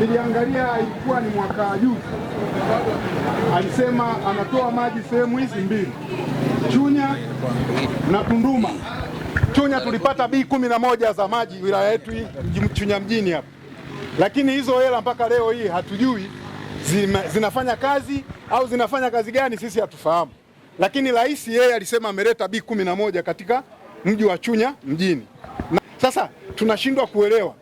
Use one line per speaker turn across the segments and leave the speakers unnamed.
niliangalia ilikuwa ni mwaka juzi, alisema anatoa maji sehemu hizi mbili, Chunya na Tunduma. Chunya tulipata bii kumi na moja za maji wilaya yetu hii Chunya mjini hapa, lakini hizo hela mpaka leo hii hatujui zima, zinafanya kazi au zinafanya kazi gani, sisi hatufahamu. Lakini rais yeye alisema ameleta bii kumi na moja katika mji wa Chunya mjini na, sasa tunashindwa kuelewa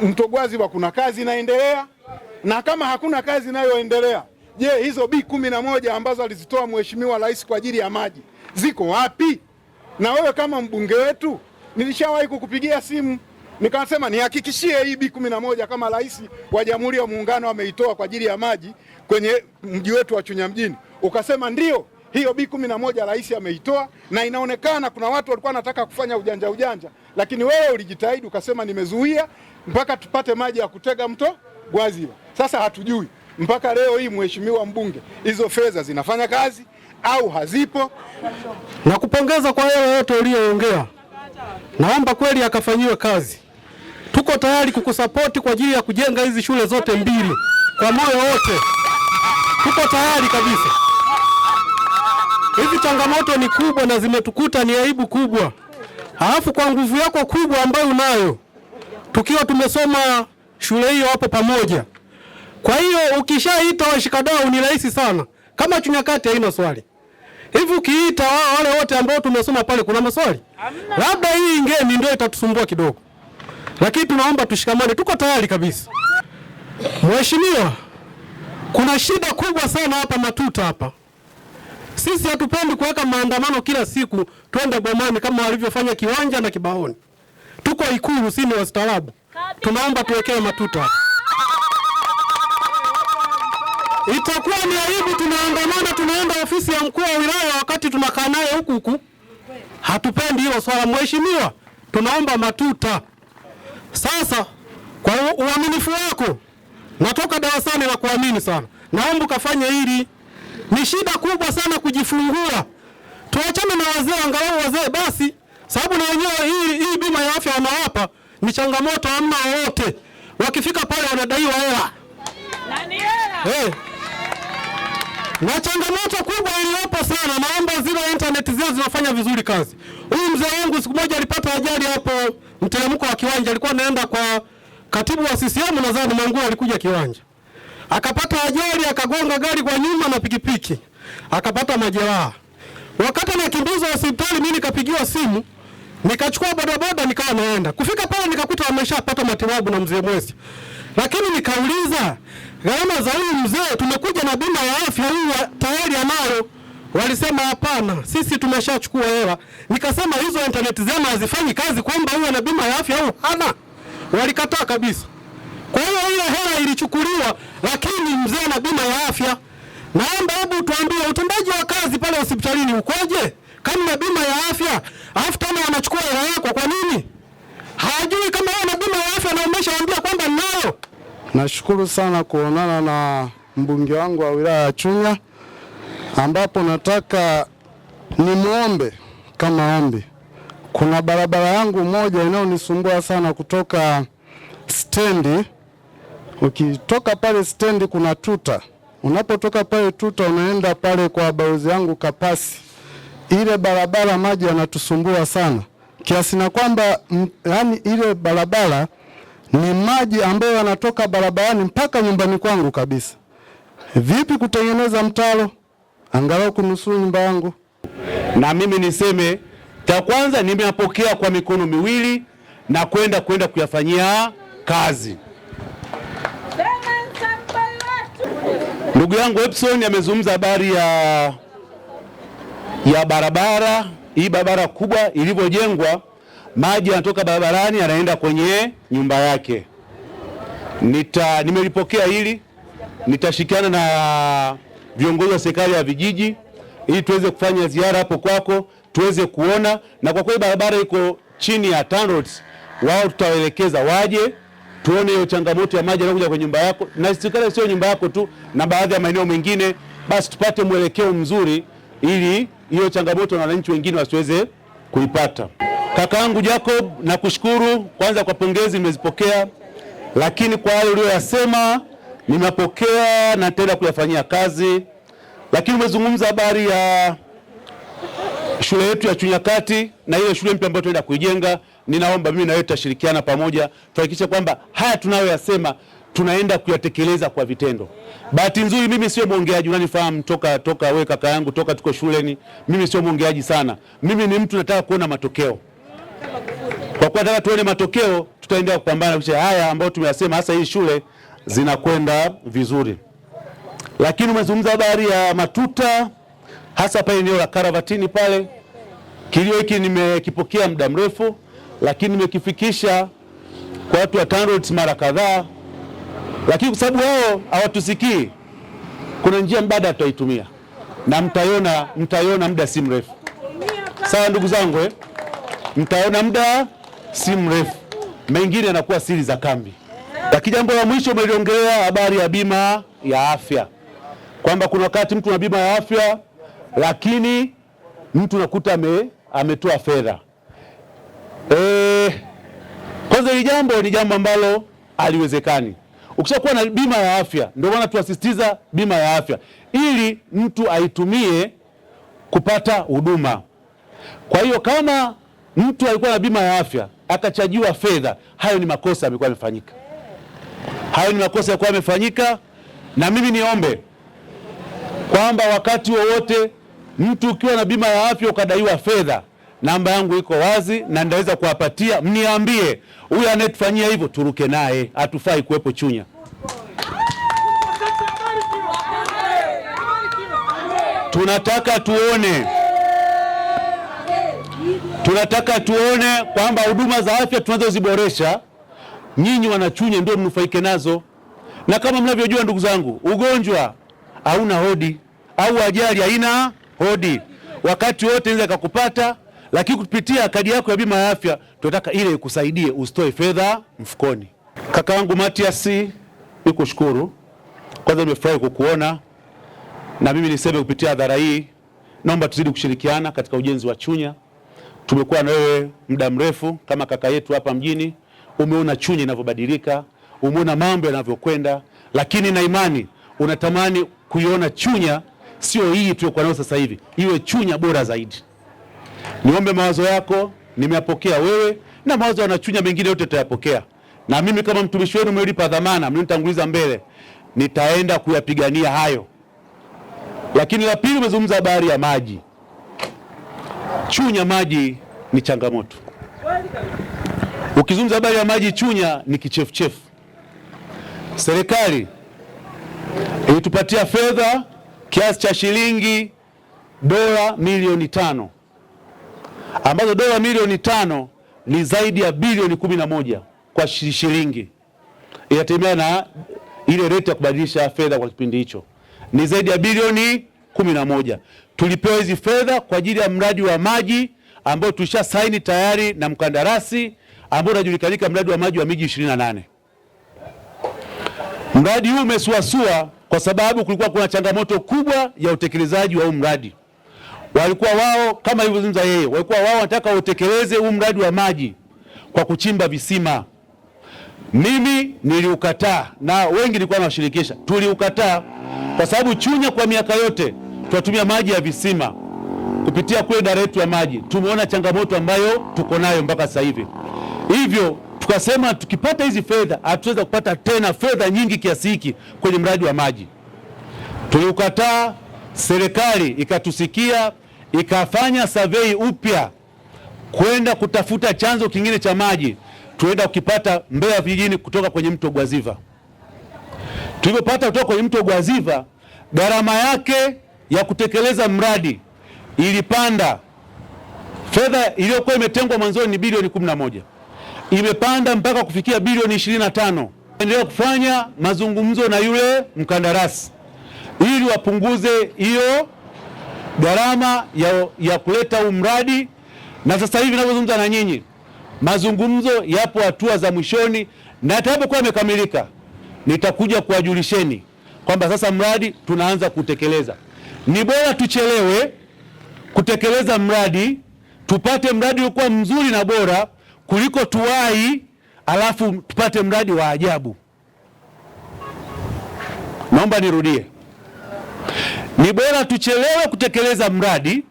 Mtogwaziba kuna kazi inaendelea, na kama hakuna kazi inayoendelea, je, hizo B kumi na moja ambazo alizitoa Mheshimiwa Rais kwa ajili ya maji ziko wapi? Na wewe kama mbunge wetu, nilishawahi kukupigia simu nikasema nihakikishie hii B kumi na moja kama rais wa Jamhuri ya Muungano ameitoa kwa ajili ya maji kwenye mji wetu wa Chunya mjini, ukasema ndio hiyo B kumi na moja rais ameitoa, na inaonekana kuna watu walikuwa wanataka kufanya ujanja ujanja, lakini wewe ulijitahidi ukasema nimezuia mpaka tupate maji ya kutega mto gwazi Sasa hatujui mpaka leo hii, mheshimiwa mbunge, hizo fedha zinafanya kazi au hazipo?
Na kupongeza kwa yale yote uliyoongea, naomba kweli akafanyiwe kazi. Tuko tayari kukusapoti kwa ajili ya kujenga hizi shule zote mbili kwa moyo wote, tuko tayari kabisa hivi. changamoto ni kubwa na zimetukuta, ni aibu kubwa. Halafu kwa nguvu yako kubwa ambayo unayo, tukiwa tumesoma shule hiyo hapo pamoja. Kwa hiyo ukishaita washikadau ni rahisi sana, kama Chunyakati haina swali hivi ukiita wale wote ambao tumesoma pale, kuna maswali labda hii ngeni ndio itatusumbua kidogo, lakini tunaomba tushikamane, tuko tayari kabisa. Mheshimiwa, kuna shida kubwa sana hapa Matuta hapa. Sisi hatupendi kuweka maandamano kila siku twende bomani kama walivyofanya Kiwanja na Kibaoni. Tuko Ikulu, si ni wastaarabu? Tunaomba tuwekee matuta. Itakuwa ni aibu, tunaandamana tunaenda ofisi ya mkuu wa wilaya wakati tunakaa naye huku huku. Hatupendi hilo swala, mheshimiwa, tunaomba matuta. Sasa kwa uaminifu wako natoka darasani na kuamini sana, naomba kafanye hili ni shida kubwa sana kujifungua. Tuachane na wazee, angalau wazee basi, sababu na wenyewe hii hii bima ya afya wanawapa ni changamoto, amna wote. Wakifika pale wanadaiwa hela hey. Eh. Na changamoto kubwa iliyopo sana, naomba zile internet zile zinafanya vizuri kazi. Huyu mzee wangu siku moja alipata ajali hapo mteremko wa kiwanja, alikuwa anaenda kwa katibu wa CCM nadhani Mwanguu, alikuja kiwanja akapata ajali, akagonga gari kwa nyuma na pikipiki, akapata majeraha. Wakati anakimbizwa hospitali, mimi nikapigiwa simu, nikachukua bodaboda, nikawa naenda. Kufika pale, nikakuta ameshapata matibabu na mzee Mwesi, lakini nikauliza gharama za huyu mzee, tumekuja na bima ya afya, huyu tayari anayo. Walisema hapana, sisi tumeshachukua hela. Nikasema hizo intaneti zema hazifanyi kazi, kwamba huyu ana bima ya afya au hana. Walikataa kabisa. Kwa hiyo ile hela ili lakini mzee na bima ya afya. Naomba hebu tuambie utendaji wa kazi pale hospitalini ukoje kama na bima ya afya, alafu tena wanachukua hela yako kwa nini? Hawajui kama wana bima ya afya na umeshaambia kwamba ninayo.
Nashukuru sana kuonana na mbunge wangu wa wilaya ya Chunya, ambapo nataka nimwombe kama ombi. Kuna barabara yangu moja inayonisumbua sana kutoka stendi Ukitoka pale stendi kuna tuta, unapotoka pale tuta unaenda pale kwa balozi yangu Kapasi, ile barabara maji yanatusumbua sana kiasi na kwamba yani ile barabara ni maji ambayo yanatoka barabarani mpaka nyumbani kwangu kabisa. Vipi kutengeneza mtaro angalau kunusuru nyumba yangu?
Na mimi niseme cha kwanza, nimeapokea kwa mikono miwili na kwenda kwenda kuyafanyia kazi. Ndugu yangu Epson amezungumza habari ya, ya barabara hii barabara kubwa ilivyojengwa, maji yanatoka barabarani yanaenda kwenye nyumba yake. Nita nimelipokea hili, nitashikiana na viongozi wa serikali ya vijiji ili tuweze kufanya ziara hapo kwako tuweze kuona, na kwa kweli barabara iko chini ya TANROADS, wao tutawaelekeza waje tuone hiyo changamoto ya maji yanayokuja kwenye nyumba yako na sikala sio nyumba yako tu, na baadhi ya maeneo mengine, basi tupate mwelekeo mzuri, ili hiyo changamoto na wananchi wengine wasiweze kuipata. Kaka yangu Jacob, nakushukuru kwanza kwa pongezi nimezipokea, lakini kwa hayo uliyoyasema nimepokea na nitaenda kuyafanyia kazi. Lakini umezungumza habari ya shule yetu ya Chunyakati na ile shule mpya ambayo tunaenda kuijenga, ninaomba mimi na wewe tutashirikiana pamoja tuhakikishe kwamba haya tunayoyasema tunaenda kuyatekeleza kwa vitendo. Bahati nzuri mimi sio mwongeaji, unanifahamu toka toka wewe kaka yangu, toka tuko shuleni. Mimi sio mwongeaji sana, mimi ni mtu nataka kuona matokeo. Kwa kuwa nataka tuone matokeo, tutaendelea kupambana kisha haya ambayo tumeyasema, hasa hii shule zinakwenda vizuri. Lakini umezungumza habari ya matuta hasa pale eneo la Karavatini pale. Kilio hiki nimekipokea muda mrefu, lakini nimekifikisha kwa watu wa TANROADS mara kadhaa, lakini kwa sababu wao hawatusikii, kuna njia mbadala tutaitumia na mtaiona, mtaiona muda si mrefu. Sawa ndugu zangu eh? Mtaona muda si mrefu, mengine yanakuwa siri za kambi. Lakini jambo la mwisho umeliongelea habari ya bima ya afya, kwamba kuna wakati mtu na bima ya afya lakini mtu nakuta ame, ametoa fedha e, kwanza hili jambo ni jambo ambalo aliwezekani ukishakuwa na bima ya afya. Ndio maana tunasisitiza bima ya afya ili mtu aitumie kupata huduma. Kwa hiyo kama mtu alikuwa na bima ya afya akachajiwa fedha, hayo ni makosa yamekuwa yamefanyika, hayo ni makosa yamekuwa yamefanyika. Na mimi niombe kwamba wakati wowote Mtu ukiwa na bima ya afya ukadaiwa fedha, namba yangu iko wazi na ndaweza kuwapatia, mniambie huyu anayetufanyia hivyo turuke naye, hatufai kuwepo Chunya. Tunataka tuone, tunataka tuone kwamba huduma za afya tunazoziboresha nyinyi wanachunya ndio mnufaike nazo. Na kama mnavyojua ndugu zangu, ugonjwa hauna hodi au ajali haina hodi wakati wote inaweza kakupata, lakini kupitia kadi yako ya bima ya afya tunataka ile ikusaidie usitoe fedha mfukoni. Kaka wangu Matias, nikushukuru kwanza, nimefurahi kukuona na mimi niseme kupitia hadhara hii, naomba tuzidi kushirikiana katika ujenzi wa Chunya. Tumekuwa na wewe muda mrefu kama kaka yetu hapa mjini, umeona Chunya inavyobadilika, umeona mambo yanavyokwenda, lakini na imani unatamani kuiona Chunya sio hii tuliyokuwa nayo sasa hivi, iwe Chunya bora zaidi. Niombe mawazo yako, nimeyapokea wewe na mawazo wanachunya mengine yote tayapokea, na mimi kama mtumishi wenu mmelipa dhamana, mlinitanguliza mbele, nitaenda kuyapigania hayo. Lakini la pili, umezungumza habari ya maji. Chunya maji ni changamoto. Ukizungumza habari ya maji Chunya ni kichefuchefu. Serikali ilitupatia fedha kiasi cha shilingi dola milioni tano ambazo dola milioni tano ni zaidi ya bilioni kumi na moja kwa shilingi, inategemea na ile rate ya kubadilisha fedha kwa kipindi hicho, ni zaidi ya bilioni kumi na moja. Tulipewa hizi fedha kwa ajili ya mradi wa maji ambao tulisha saini tayari na mkandarasi ambao unajulikanika mradi wa maji wa miji ishirini na nane. Mradi huu umesuasua kwa sababu kulikuwa kuna changamoto kubwa ya utekelezaji wa huu mradi. Walikuwa wao kama ilivyozungumza yeye, walikuwa wao wanataka utekeleze huu mradi wa maji kwa kuchimba visima. Mimi niliukataa na wengi nilikuwa nawashirikisha, tuliukataa kwa sababu Chunya kwa miaka yote tunatumia maji ya visima kupitia kule idara yetu ya maji. Tumeona changamoto ambayo tuko nayo mpaka sasa hivi, hivyo tukasema tukipata hizi fedha hatuweza kupata tena fedha nyingi kiasi hiki kwenye mradi wa maji. Tuliukataa, serikali ikatusikia, ikafanya survey upya kwenda kutafuta chanzo kingine cha maji, tuenda kukipata Mbeya vijijini kutoka kwenye mto Gwaziva. Tulipopata kutoka kwenye mto Gwaziva, gharama yake ya kutekeleza mradi ilipanda. Fedha iliyokuwa imetengwa mwanzoni ni bilioni 11 imepanda mpaka kufikia bilioni 25. Endelea kufanya mazungumzo na yule mkandarasi ili wapunguze hiyo gharama ya, ya kuleta huu mradi. Na sasa hivi ninavyozungumza na nyinyi, mazungumzo yapo hatua za mwishoni, na atakapokuwa amekamilika nitakuja kuwajulisheni kwamba sasa mradi tunaanza kutekeleza. Ni bora tuchelewe kutekeleza mradi, tupate mradi uliokuwa mzuri na bora kuliko tuwai alafu tupate mradi wa ajabu. Naomba nirudie, ni bora tuchelewe kutekeleza mradi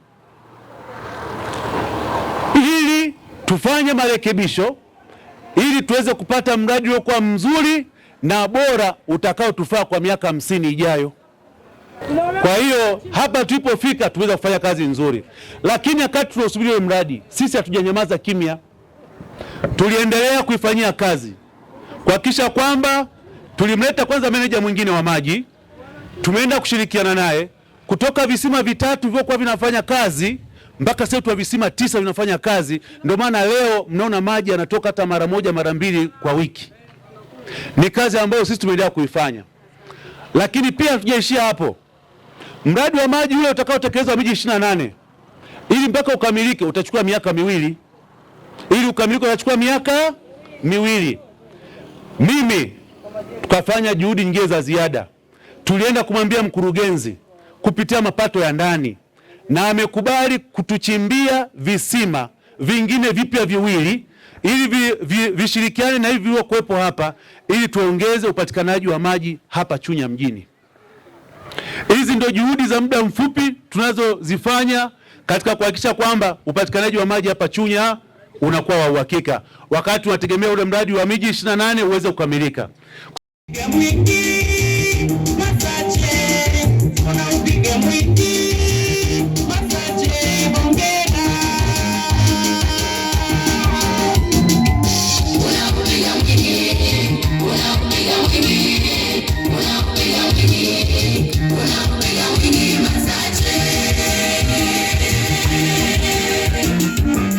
ili tufanye marekebisho ili tuweze kupata mradi uliokuwa mzuri na bora utakaotufaa kwa miaka hamsini ijayo. Kwa hiyo hapa tulipofika, tuweza kufanya kazi nzuri, lakini wakati tunasubiri mradi, sisi hatujanyamaza kimya tuliendelea kuifanyia kazi kuhakikisha kwamba tulimleta kwanza meneja mwingine wa maji, tumeenda kushirikiana naye kutoka visima vitatu vilivyokuwa vinafanya kazi mpaka sasa tuna visima tisa vinafanya kazi. Ndio maana leo mnaona maji yanatoka hata mara moja mara mbili kwa wiki. Ni kazi ambayo sisi tumeendelea kuifanya, lakini pia hatujaishia hapo. Mradi wa maji ule utakaotekelezwa miji 28 ili mpaka ukamilike utachukua miaka miwili ili ukamilike unachukua miaka miwili. Mimi tukafanya juhudi nyingine za ziada, tulienda kumwambia mkurugenzi kupitia mapato ya ndani, na amekubali kutuchimbia visima vingine vipya viwili ili vi, vi, vishirikiane na hivi vilivyokuwepo hapa ili tuongeze upatikanaji wa maji hapa Chunya mjini. Hizi ndio juhudi za muda mfupi tunazozifanya katika kuhakikisha kwamba upatikanaji wa maji hapa Chunya unakuwa wa uhakika, wakati unategemea ule mradi wa miji 28 uweze kukamilika.